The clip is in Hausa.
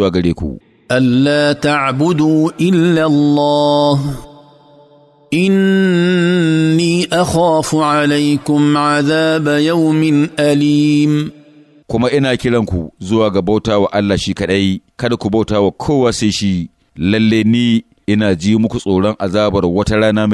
zuwa gare ku. Allah ta'budu illa Allah, inni akhafu alaikum azaba yaumin alim. Kuma ina kiranku zuwa ga bauta wa Allah shi kaɗai, kada ku bauta wa kowa sai shi, lalle ni ina ji muku tsoron azabar wata rana